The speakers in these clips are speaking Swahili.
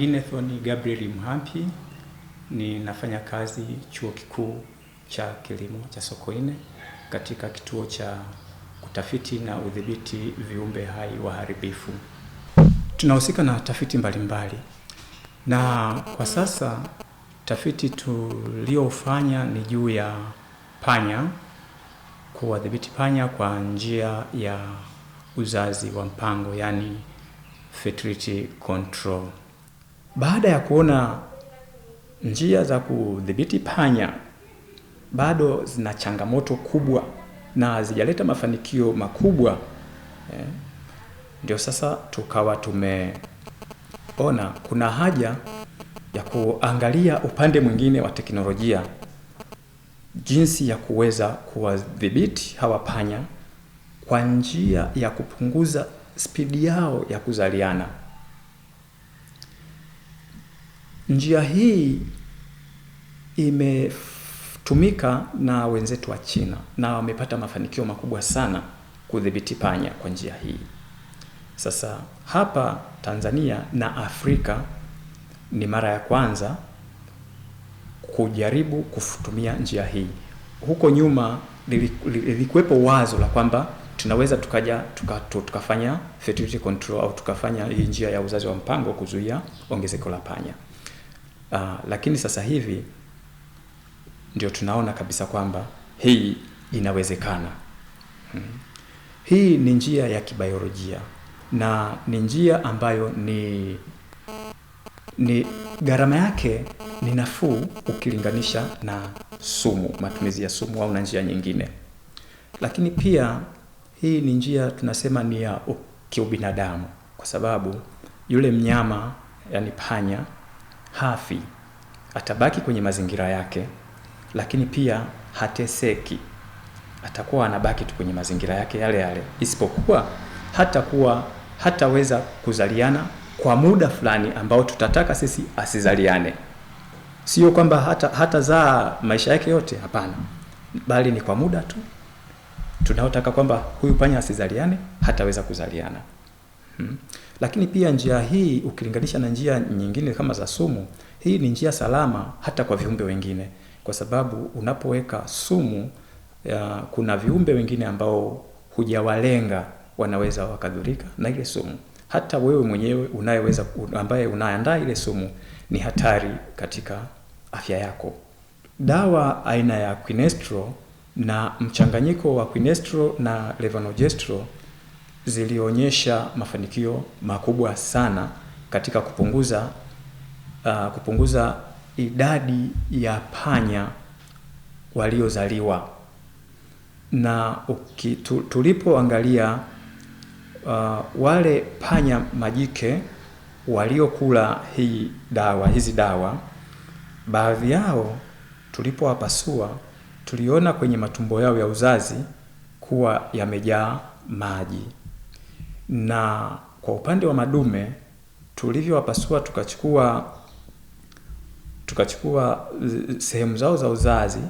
Ginethon Gabriel Mhampi, ninafanya kazi chuo kikuu cha kilimo cha Sokoine katika kituo cha kutafiti na udhibiti viumbe hai waharibifu. Tunahusika na tafiti mbalimbali mbali. Na kwa sasa tafiti tuliofanya ni juu ya panya, kuwadhibiti panya kwa njia ya uzazi wa mpango, yani fertility control. Baada ya kuona njia za kudhibiti panya bado zina changamoto kubwa na hazijaleta mafanikio makubwa eh, ndio sasa tukawa tumeona kuna haja ya kuangalia upande mwingine wa teknolojia, jinsi ya kuweza kuwadhibiti hawa panya kwa njia ya kupunguza spidi yao ya kuzaliana. Njia hii imetumika na wenzetu wa China na wamepata mafanikio makubwa sana kudhibiti panya kwa njia hii. Sasa hapa Tanzania na Afrika ni mara ya kwanza kujaribu kutumia njia hii. Huko nyuma lilikuwepo wazo la kwamba tunaweza tukaja tuka, tukafanya fertility control au tukafanya hii njia ya uzazi wa mpango kuzuia ongezeko la panya. Uh, lakini sasa hivi ndio tunaona kabisa kwamba hii inawezekana. Hmm. Hii ni njia ya kibayolojia na ni njia ambayo ni ni gharama yake ni nafuu ukilinganisha na sumu, matumizi ya sumu au na njia nyingine. Lakini pia hii ni njia tunasema ni ya kiubinadamu, kwa sababu yule mnyama yani panya hafi, atabaki kwenye mazingira yake, lakini pia hateseki, atakuwa anabaki tu kwenye mazingira yake yale yale, isipokuwa hatakuwa hataweza kuzaliana kwa muda fulani ambao tutataka sisi asizaliane. Sio kwamba hata hatazaa maisha yake yote, hapana, bali ni kwa muda tu tunaotaka kwamba huyu panya asizaliane, hataweza kuzaliana hmm. Lakini pia njia hii ukilinganisha na njia nyingine kama za sumu, hii ni njia salama hata kwa viumbe wengine, kwa sababu unapoweka sumu ya, kuna viumbe wengine ambao hujawalenga wanaweza wakadhurika na ile sumu. Hata wewe mwenyewe unayeweza ambaye unaandaa ile sumu ni hatari katika afya yako. Dawa aina ya Quinestro na mchanganyiko wa Quinestro na Levonorgestrel zilionyesha mafanikio makubwa sana katika kupunguza, uh, kupunguza idadi ya panya waliozaliwa na tulipoangalia uh, wale panya majike waliokula hii dawa hizi dawa, baadhi yao tulipowapasua tuliona kwenye matumbo yao ya uzazi kuwa yamejaa maji na kwa upande wa madume tulivyowapasua tukachukua tukachukua sehemu zao za uzazi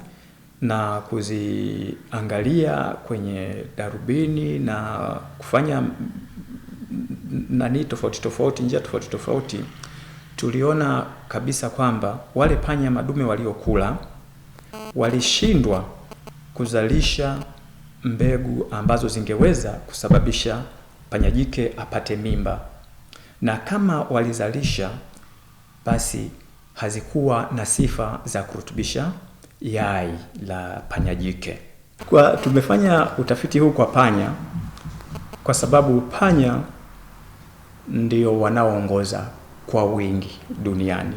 na kuziangalia kwenye darubini na kufanya nani tofauti tofauti, njia tofauti tofauti, tuliona kabisa kwamba wale panya madume waliokula walishindwa kuzalisha mbegu ambazo zingeweza kusababisha panyajike apate mimba, na kama walizalisha basi hazikuwa na sifa za kurutubisha yai la panyajike. Kwa tumefanya utafiti huu kwa panya kwa sababu panya ndio wanaoongoza kwa wingi duniani.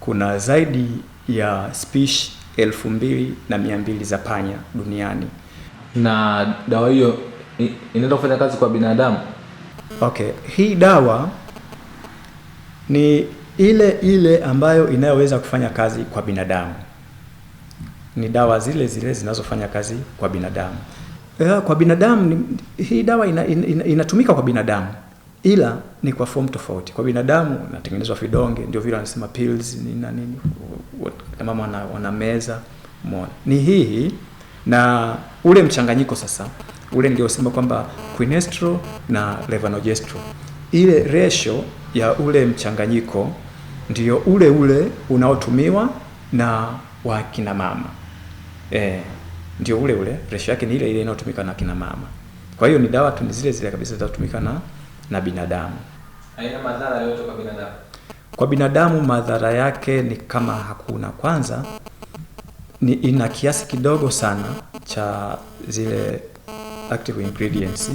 Kuna zaidi ya spishi elfu mbili na mia mbili za panya duniani na dawa hiyo inaenda kufanya kazi kwa binadamu? Okay, hii dawa ni ile ile ambayo inayoweza kufanya kazi kwa binadamu. Ni dawa zile zile zinazofanya kazi kwa binadamu. Eh, kwa binadamu hii dawa ina, ina, inatumika kwa binadamu ila ni kwa fomu tofauti. Kwa binadamu natengenezwa vidonge, ndio vile wanasema pills nini na nini, mama wana, wana meza. Umeona, ni hii hii na ule mchanganyiko sasa ule niliosema kwamba quinestro na levonorgestrel, ile ratio ya ule mchanganyiko ndio ule ule unaotumiwa na wakina mama e, ndio ule ule ratio yake ni ile ile inayotumika na kina mama. Kwa hiyo ni dawa tu, ni zile zile kabisa zinazotumika na na binadamu. Haina madhara yote kwa binadamu. Kwa binadamu madhara yake ni kama hakuna. Kwanza ni ina kiasi kidogo sana cha zile active ingredients